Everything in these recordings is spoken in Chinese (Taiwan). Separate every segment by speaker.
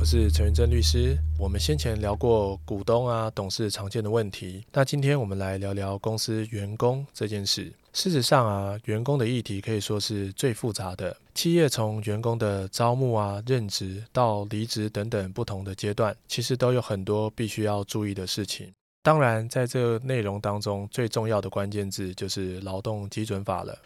Speaker 1: 我是陳全正律師。我們先前聊過股東啊、董事常見的問題，那今天我們來聊聊公司員工這件事。事實上啊，員工的議題可以說是最複雜的。企業從員工的招募啊、任職到離職等等不同的階段，其實都有很多必須要注意的事情。當然，在這內容當中，最重要的關鍵字就是勞動基準法了。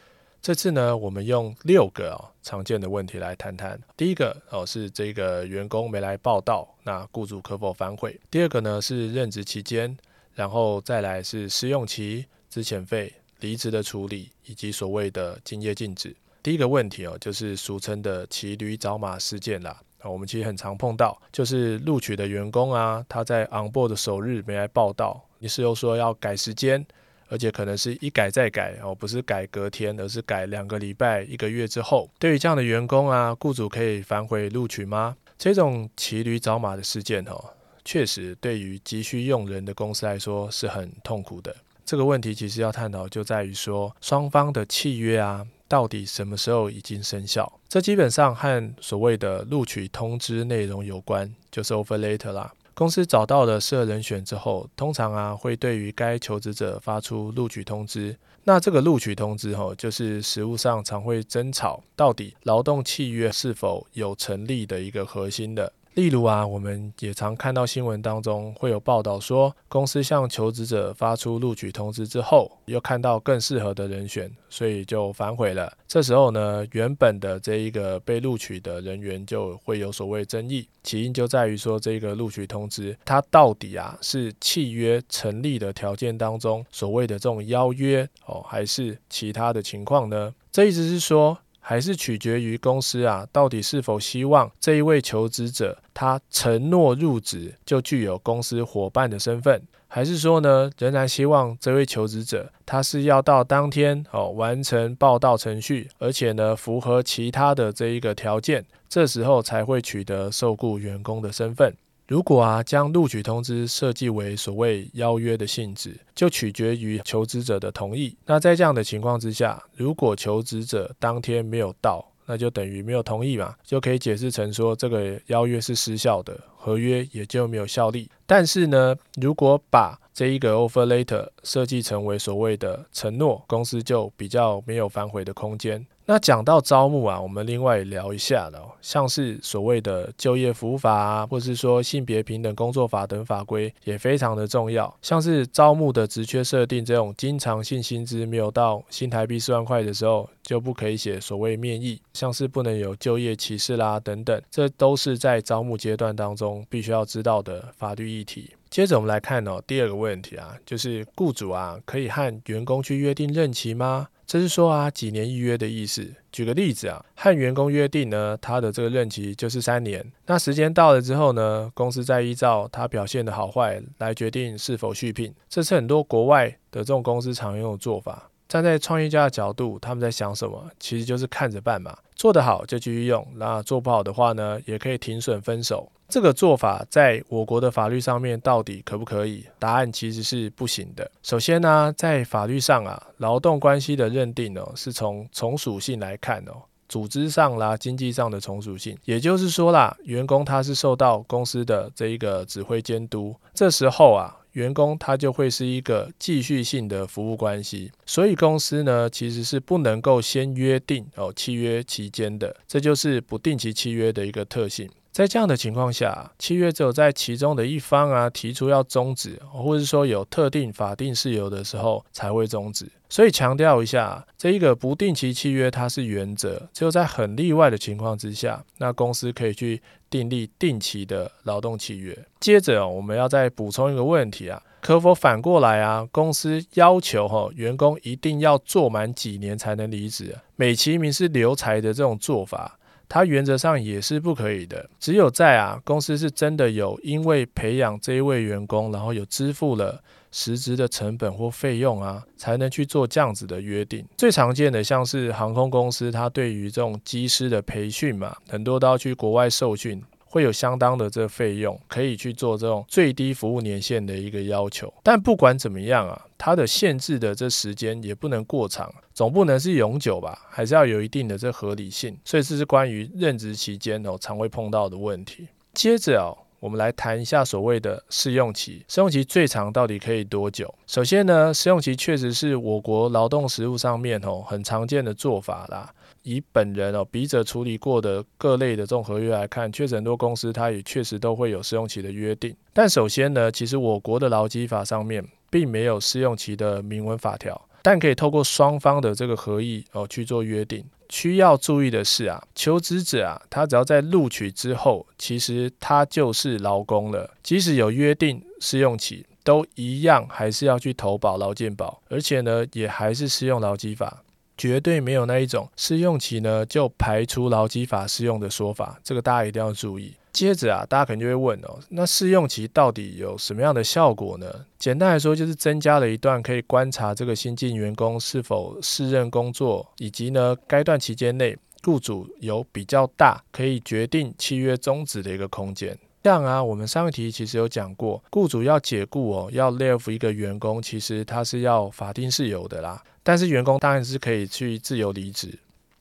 Speaker 1: 這次呢，我們用六個、哦、常見的問題來談談。第一個哦是這個員工沒來報到，那雇主可否反悔？第二個呢是任職期間，然後再來是試用期、資遣費、離職的處理以及所謂的競業禁止。第一個問題哦就是俗稱的騎驢找馬事件啦、哦、我們其實很常碰到，就是錄取的員工啊，他在 onboard 的首日沒來報到，於是又說要改時間。而且可能是一改再改哦，不是改隔天，而是改兩個禮拜、一個月之後。對於這樣的員工啊，雇主可以反悔錄取嗎？這種騎驢找馬的事件哦，確實對於急需用人的公司來說是很痛苦的。這個問題其實要探討就在於說，雙方的契約啊，到底什麼時候已經生效？這基本上和所謂的錄取通知內容有關，就是 offer letter 啦。公司找到了適合人選之後，通常啊會對於該求職者發出錄取通知。那這個錄取通知吼、哦，就是實務上常會爭吵到底勞動契約是否有成立的一個核心的。例如啊，我們也常看到新聞當中會有報道說，公司向求職者發出錄取通知之後，又看到更適合的人選，所以就反悔了。這時候呢，原本的這一個被錄取的人員就會有所謂爭議，起因就在於說，這個錄取通知它到底啊是契約成立的條件當中所謂的這種邀約哦，還是其他的情況呢？這意思是說。還是取決於公司啊，到底是否希望這一位求職者他承諾入職就具有公司夥伴的身份，還是說呢，仍然希望這位求職者他是要到當天哦完成報到程序，而且呢符合其他的這一個條件，這時候才會取得受雇員工的身份。如果啊，將錄取通知設計為所謂邀約的性質，就取決於求職者的同意。那在這樣的情況之下，如果求職者當天沒有到，那就等於沒有同意嘛，就可以解釋成說這個邀約是失效的，合約也就沒有效力。但是呢，如果把這一個 offer letter 設計成為所謂的承諾，公司就比較沒有反悔的空間。那講到招募啊，我們另外也聊一下了哦。像是所謂的就業服務法啊，或是說性別平等工作法等法規，也非常的重要。像是招募的職缺設定，這種經常性薪資沒有到新台幣四萬塊的時候，就不可以寫所謂面議。像是不能有就業歧視啦等等，這都是在招募階段當中必須要知道的法律議題。接着我們來看哦，第二個問題啊，就是雇主啊，可以和員工去約定任期嗎？這是說啊，幾年一約的意思。舉個例子啊，和員工約定呢，他的這個任期就是三年。那時間到了之後呢，公司再依照他表現的好壞來決定是否續聘。這是很多國外的這種公司常用的做法。站在創業家的角度，他們在想什麼？其實就是看着辦嘛，做得好就繼續用，那做不好的話呢，也可以停損分手。這個做法在我國的法律上面到底可不可以？答案其實是不行的。首先呢，在法律上啊，勞動關係的認定呢，是從從屬性來看哦，組織上啦、經濟上的從屬性，也就是說啦，員工他是受到公司的這一個指揮監督，這時候啊。員工他就會是一個繼續性的服務關係，所以公司呢，其實是不能夠先約定哦，契約期間的，這就是不定期契約的一個特性。在這樣的情況下，契約只有在其中的一方啊提出要終止，或者說有特定法定事由的時候才會終止。所以強調一下，這一個不定期契約它是原則，只有在很例外的情況之下，那公司可以去。訂立定期的勞動契約。接着我們要再補充一個問題啊，可否反過來啊？公司要求哈員工一定要做滿幾年才能離職，美其名是留才的這種做法，它原則上也是不可以的。只有在啊，公司是真的有因為培養這一位員工，然後有支付了。實質的成本或費用啊，才能去做這樣子的約定。最常見的像是航空公司，它對於這種機師的培訓嘛，很多都要去國外受訓，會有相當的這費用，可以去做這種最低服務年限的一個要求。但不管怎麼樣啊，它的限制的這時間也不能過長，總不能是永久吧？還是要有一定的這合理性。所以這是關於任職期間哦，常會碰到的問題。接着哦，我們來談一下所謂的試用期，試用期最長到底可以多久？首先呢，試用期確實是我國勞動實務上面哦很常見的做法啦。以本人哦筆者處理過的各類的這種合約來看，確實很多公司它也確實都會有試用期的約定。但首先呢，其實我國的勞基法上面並沒有試用期的明文法條。但可以透過雙方的這個合意哦去做約定。需要注意的是啊，求職者啊，他只要在錄取之後，其實他就是勞工了。即使有約定試用期，都一樣還是要去投保勞健保，而且呢，也還是適用勞基法，絕對沒有那一種試用期呢就排除勞基法適用的說法。這個大家一定要注意。接着啊，大家可能就會問哦，那試用期到底有什麼樣的效果呢？簡單來說，就是增加了一段可以觀察這個新進員工是否適任工作，以及呢，該段期間內雇主有比較大可以決定契約終止的一個空間。這樣啊，我們上一題其實有講過，雇主要解雇哦，要 lay off 一個員工，其實他是要法定事由的啦，但是員工當然是可以去自由離職。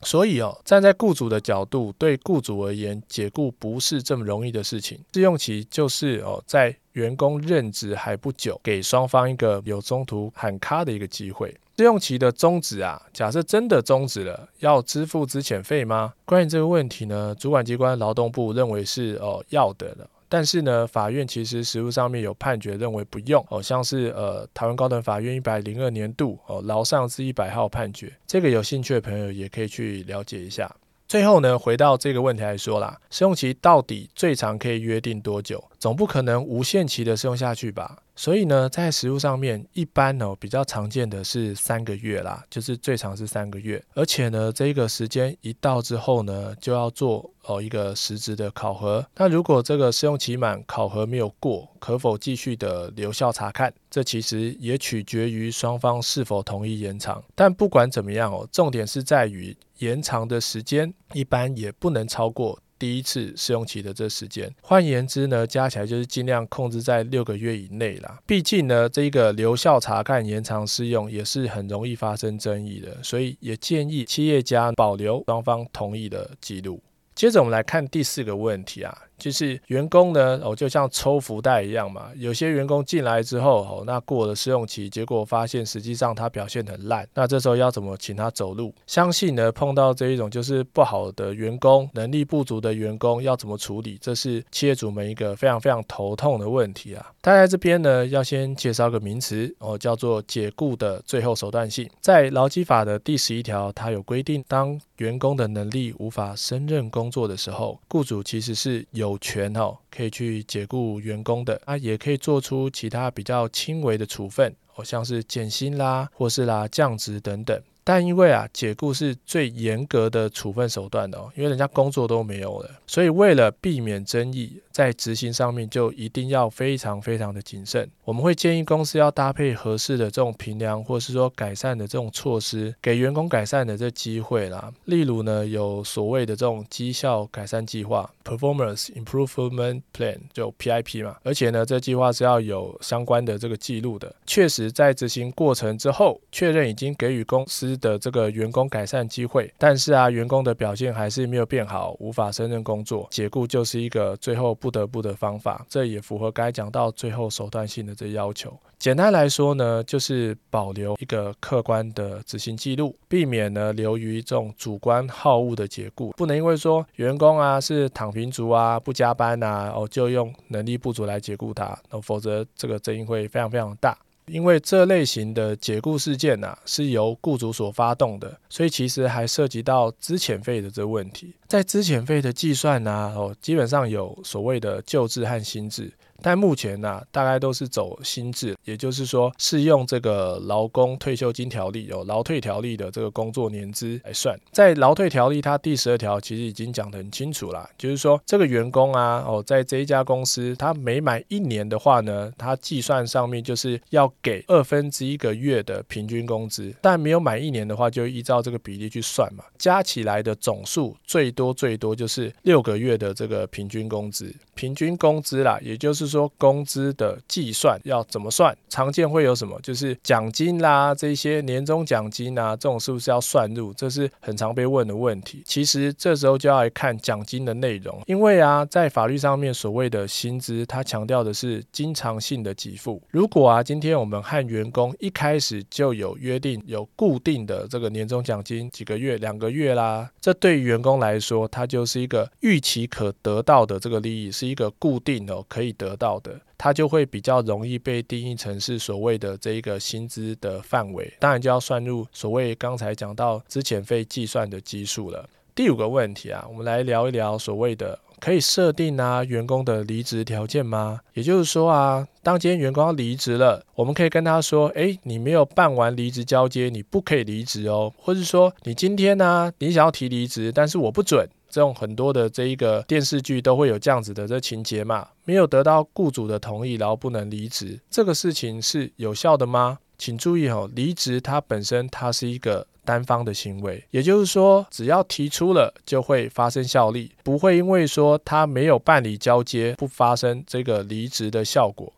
Speaker 1: 所以哦，站在雇主的角度，對雇主而言，解雇不是這麼容易的事情。試用期就是哦，在員工任職還不久，給雙方一個有中途喊卡的一個機會。試用期的終止啊，假設真的終止了，要支付資遣費嗎？關於這個問題呢，主管機關勞動部認為是哦，要的了。但是呢，法院其實實務上面有判決認為不用。好、哦、像是呃台灣高等法院一百零二年度哦勞上字一百號判決，這個有興趣的朋友也可以去了解一下。最後呢，回到這個問題來說啦，試用期到底最長可以約定多久？總不可能無限期的試用下去吧？所以呢，在實務上面，一般哦比較常見的是三個月啦，就是最長是三個月。而且呢，這個時間一到之後呢，就要做哦一個實質的考核。那如果這個試用期滿，考核沒有過，可否繼續的留校察看？這其實也取決於雙方是否同意延長。但不管怎麼樣哦，重點是在於延長的時間一般也不能超過。第一次試用期的這時間，換言之呢，加起來就是儘量控制在六個月以內啦。畢竟呢，這個留校察看延長試用也是很容易發生爭議的，所以也建議企業家保留雙方同意的記錄。接着我們來看第四個問題啊，就是員工呢，哦，就像抽福袋一樣嘛，有些員工進來之後，哦，那過了試用期，結果發現實際上他表現很爛，那這時候要怎麼請他走路？相信呢，碰到這一種就是不好的員工、能力不足的員工要怎麼處理？這是企業主們一個非常非常頭痛的問題啊。大家這邊呢要先介紹個名詞，哦，叫做解僱的最後手段性，在勞基法的第十一條，它有規定，當員工的能力無法勝任工、工作的時候，雇主其實是有權哦，可以去解雇員工的啊，也可以做出其他比較輕微的處分，哦，像是減薪啦，或是啦，降職等等。但因為啊，解雇是最嚴格的處分手段的哦，因為人家工作都沒有了，所以為了避免爭議，在執行上面就一定要非常非常的謹慎。我們會建議公司要搭配合適的這種評量，或是說改善的這種措施，給員工改善的這機會啦。例如呢，有所謂的這種績效改善計劃 （Performance Improvement Plan） 就 PIP 嘛，而且呢，這計劃是要有相關的這個記錄的，確實在執行過程之後，確認已經給予公司的這個員工改善機會，但是啊，員工的表現還是沒有變好，無法勝任工作，解雇就是一個最後不得不的方法。這也符合剛才講到最後手段性的這要求。簡單來說呢，就是保留一個客觀的執行記錄，避免呢流於這種主觀好惡的解雇，不能因為說員工啊是躺平族啊，不加班啊，哦，就用能力不足來解雇他，那、哦、否則這個爭議會非常非常大。因為這類型的解雇事件吶、啊，是由雇主所發動的，所以其實還涉及到資遣費的這個問題。在資遣費的計算呢、啊，哦，基本上有所謂的舊制和新制，但目前呢、啊，大概都是走新制，也就是說是用這個勞工退休金條例，有、哦、勞退條例的這個工作年資來算。在勞退條例它第十二條其實已經講得很清楚啦，就是說這個員工啊，哦，在這一家公司他每滿一年的話呢，他計算上面就是要給二分之一個月的平均工資，但沒有滿一年的話，就依照這個比例去算嘛，加起來的總數最多。多最多就是六個月的這個平均工資，平均工資啦，也就是說工資的計算要怎麼算？常見會有什麼？就是獎金啦，這些年終獎金啊，這種是不是要算入？這是很常被問的問題。其實這時候就要來看獎金的內容，因為啊，在法律上面所謂的薪資，它強調的是經常性的給付。如果啊，今天我們和員工一開始就有約定，有固定的這個年終獎金，幾個月、兩個月啦，這對於員工來說。說它就是一個預期可得到的這個利益，是一個固定的、哦、可以得到的，它就會比較容易被定義成是所謂的這一個薪資的範圍，當然就要算入所謂剛才講到資遣費計算的基數了。第五個問題啊，我們來聊一聊所謂的。可以設定啊，員工的離職條件嗎？也就是說啊，當今天員工要離職了，我們可以跟他說，哎、欸，你沒有辦完離職交接，你不可以離職哦。或者說，你今天呢、啊，你想要提離職，但是我不准。這種很多的這一個電視劇都會有這樣子的這情節嘛，沒有得到雇主的同意，然後不能離職，這個事情是有效的嗎？請注意哈，離職它本身它是一個單方的行為，也就是說，只要提出了就會發生效力，不會因為說他沒有辦理交接，不發生這個離職的效果。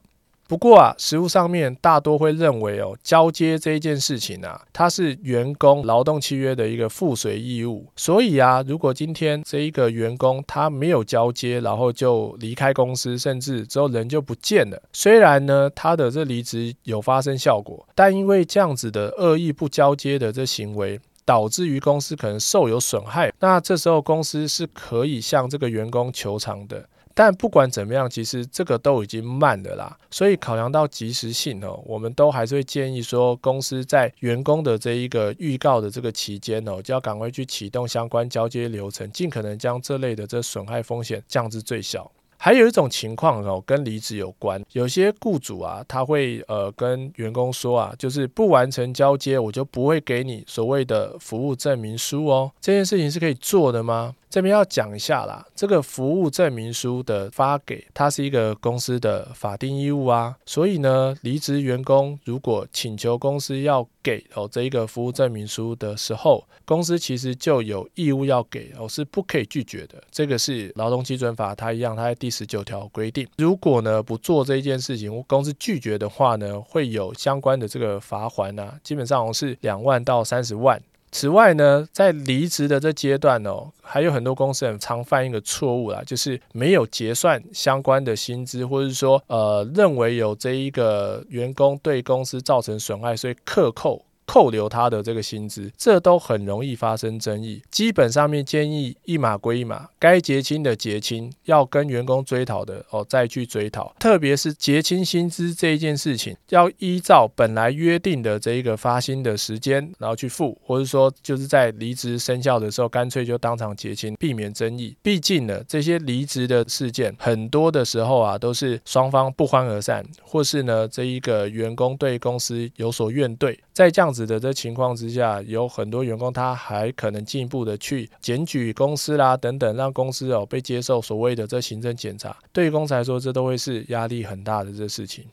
Speaker 1: 不過啊，實務上面大多會認為哦，交接這一件事情啊，它是員工勞動契約的一個附隨義務。所以啊，如果今天這一個員工他沒有交接，然後就離開公司，甚至之後人就不見了。雖然呢，他的這離職有發生效果，但因為這樣子的惡意不交接的這行為，導致於公司可能受有損害，那這時候公司是可以向這個員工求償的。但不管怎麼樣，其實這個都已經慢了啦。所以考量到及時性哦，我們都還是會建議說，公司在員工的這一個預告的這個期間哦，就要趕快去啟動相關交接流程，盡可能將這類的這損害風險降至最小。還有一種情況哦，跟離職有關，有些雇主啊，他會呃跟員工說啊，就是不完成交接，我就不會給你所謂的服務證明書哦。這件事情是可以做的嗎？這邊要講一下啦，這個服務證明書的發給，它是一個公司的法定義務啊，所以呢，離職員工如果請求公司要給哦，這一個服務證明書的時候，公司其實就有義務要給哦，是不可以拒絕的。這個是勞動基準法，它一樣，它在第十九條規定，如果呢不做這一件事情，公司拒絕的話呢，會有相關的這個罰鍰啊，基本上是兩萬到三十萬。此外呢，在離職的這階段哦，還有很多公司很常犯一個錯誤啦，就是沒有結算相關的薪資，或是說，呃，認為有這一個員工對公司造成損害，所以克扣。扣留他的這個薪資，這都很容易發生爭議。基本上面建議一碼歸一碼，該結清的結清，要跟員工追討的哦再去追討。特別是結清薪資這一件事情，要依照本來約定的這一個發薪的時間，然後去付，或者說就是在離職生效的時候，乾脆就當場結清，避免爭議。畢竟呢，這些離職的事件很多的時候啊，都是雙方不歡而散，或是呢這一個員工對公司有所怨懟，在這樣。子的這情況之下，有很多員工他還可能進一步的去檢舉公司啦等等，讓公司哦被接受所謂的這行政檢查。對於公司來說，這都會是壓力很大的這事情。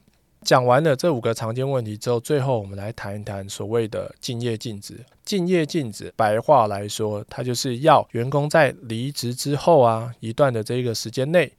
Speaker 1: 講完了這五個常見問題之後，最後我們來談一談所謂的競業禁止。競業禁止白話來說，它就是要員工在離職之後啊一段的這個時間內，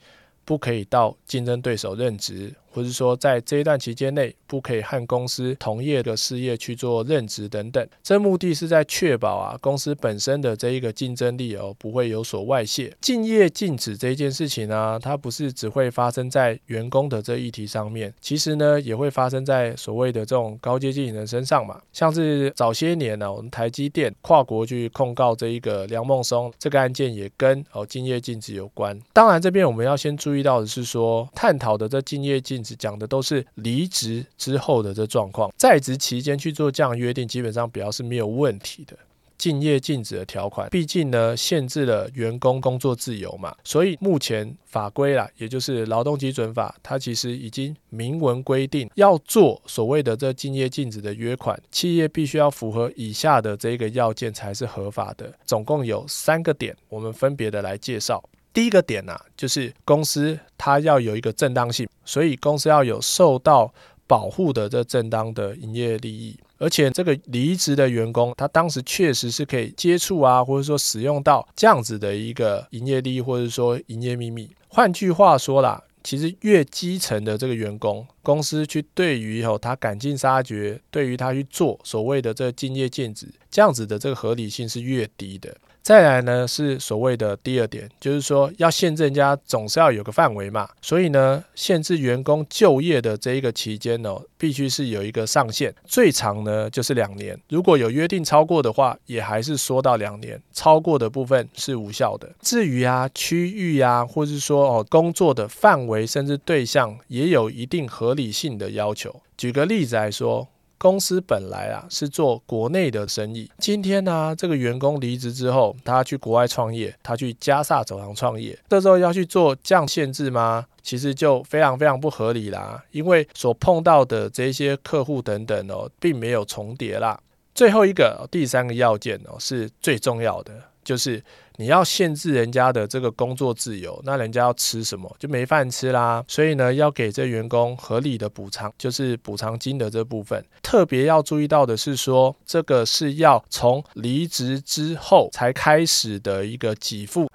Speaker 1: 不可以到競爭對手任職。或是說，在這一段期間內，不可以和公司同業的事業去做任職等等，這目的是在確保啊，公司本身的這一個競爭力哦，不會有所外泄。競業禁止這一件事情啊，它不是只會發生在員工的這議題上面，其實呢，也會發生在所謂的這種高階經理人身上嘛。像是早些年呢、啊，我們台積電跨國去控告這一個梁孟松這個案件，也跟哦競業禁止有關。當然，這邊我們要先注意到的是說，探討的這競業禁。講的都是離職之後的這狀況，在職期間去做這樣約定，基本上表示沒有問題的。競業禁止的條款，畢竟呢，限制了員工工作自由嘛，所以目前法規啦，也就是勞動基準法，它其實已經明文規定，要做所謂的這競業禁止的約款，企業必須要符合以下的這個要件才是合法的。總共有三個點，我們分別的來介紹。第一個點呢、啊，就是公司它要有一個正當性，所以公司要有受到保護的這正當的營業利益，而且這個離職的員工他當時確實是可以接觸啊，或者說使用到這樣子的一個營業利益，或者說營業秘密。換句話說啦，其實越基層的這個員工，公司去對於哦他趕盡殺絕，對於他去做所謂的這個競業禁止這樣子的這個合理性是越低的。再來呢是所謂的第二點，就是說要限制人家，總是要有個範圍嘛。所以呢，限制員工就業的這一個期間呢、哦，必須是有一個上限，最長呢就是兩年。如果有約定超過的話，也還是縮到兩年，超過的部分是無效的。至於啊區域啊，或是說哦工作的範圍甚至對象，也有一定合理性的要求。舉個例子來說。公司本來啊是做國內的生意，今天呢、啊、這個員工離職之後，他去國外創業，他去加薩走廊創業，這時候要去做降限制嗎？其實就非常非常不合理啦，因為所碰到的這些客戶等等哦，並沒有重疊啦。最後一個第三個要件哦是最重要的。就是你要限制人家的這個工作自由，那人家要吃什麼就沒飯吃啦。所以呢，要給這員工合理的補償，就是補償金的這部分。特別要注意到的是說，說這個是要從離職之後才開始的一個給付。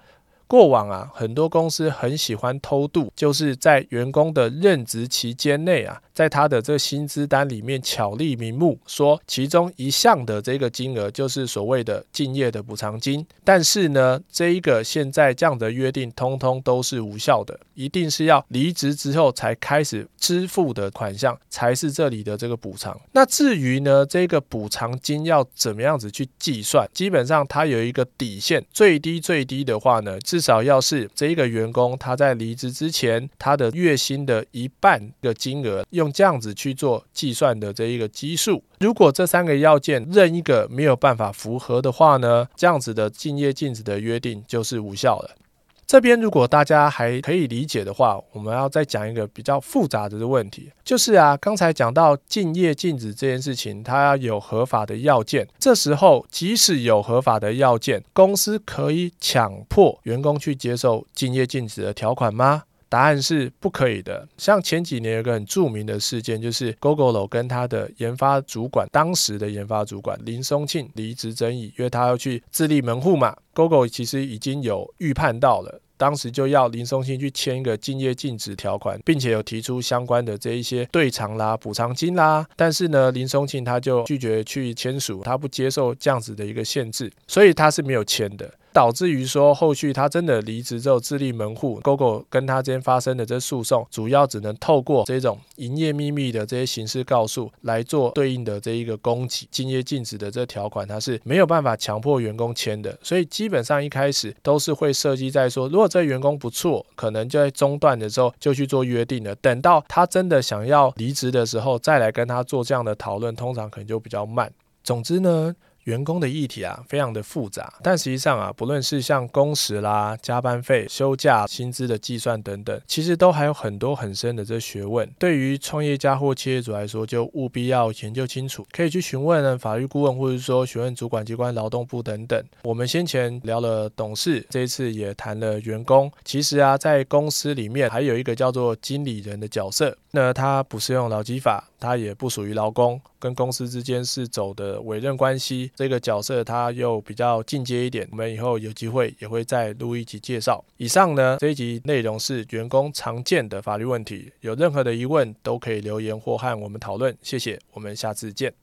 Speaker 1: 過往啊，很多公司很喜歡偷渡，就是在員工的任職期間內啊。在他的這個薪資單裡面巧立名目，說其中一項的這個金額就是所謂的競業的補償金，但是呢，這一個現在這樣的約定通通都是無效的，一定是要離職之後才開始支付的款項才是這裡的這個補償。那至於呢，這個補償金要怎麼樣子去計算，基本上它有一個底線，最低最低的話呢，至少要是這一個員工他在離職之前他的月薪的一半的金額用，這樣子去做計算的這一個基數，如果這三個要件任一個沒有辦法符合的話呢，這樣子的競業禁止的約定就是無效的。這邊如果大家還可以理解的話，我們要再講一個比較複雜的問題，就是啊，剛才講到競業禁止這件事情，它要有合法的要件，這時候即使有合法的要件，公司可以強迫員工去接受競業禁止的條款嗎？答案是不可以的。像前幾年有個很著名的事件，就是 Google 跟他的研發主管，當時的研發主管林松慶離職爭議，因為他要去自立門戶嘛。Google 其實已經有預判到了，當時就要林松慶去簽一個競業禁止條款，並且有提出相關的這一些對償啦、補償金啦。但是呢，林松慶他就拒絕去簽署，他不接受這樣子的一個限制，所以他是沒有簽的。導致於說，後續他真的離職之後自立門戶，Google 跟他之間發生的這訴訟，主要只能透過這種營業秘密的這些形式告訴來做對應的這一個攻擊，競業禁止的這條款，它是沒有辦法強迫員工簽的。所以基本上一開始都是會設計在說，如果這員工不錯，可能就在中段的時候就去做約定了。等到他真的想要離職的時候，再來跟他做這樣的討論，通常可能就比較慢。總之呢。員工的議題啊，非常的複雜，但實際上啊，不論是像工時啦、加班費、休假、薪資的計算等等，其實都還有很多很深的這學問。對於創業家或企業主來說，就務必要研究清楚，可以去詢問呢法律顧問，或者說詢問主管機關、勞動部等等。我們先前聊了董事，這一次也談了員工。其實啊，在公司裡面還有一個叫做經理人的角色，那他不適用勞基法，他也不屬於勞工，跟公司之間是走的委任關係。這個角色他又比較進階一點，我們以後有機會也會再錄一集介紹。以上呢，這一集內容是員工常見的法律問題，有任何的疑問都可以留言或和我們討論。謝謝，我們下次見。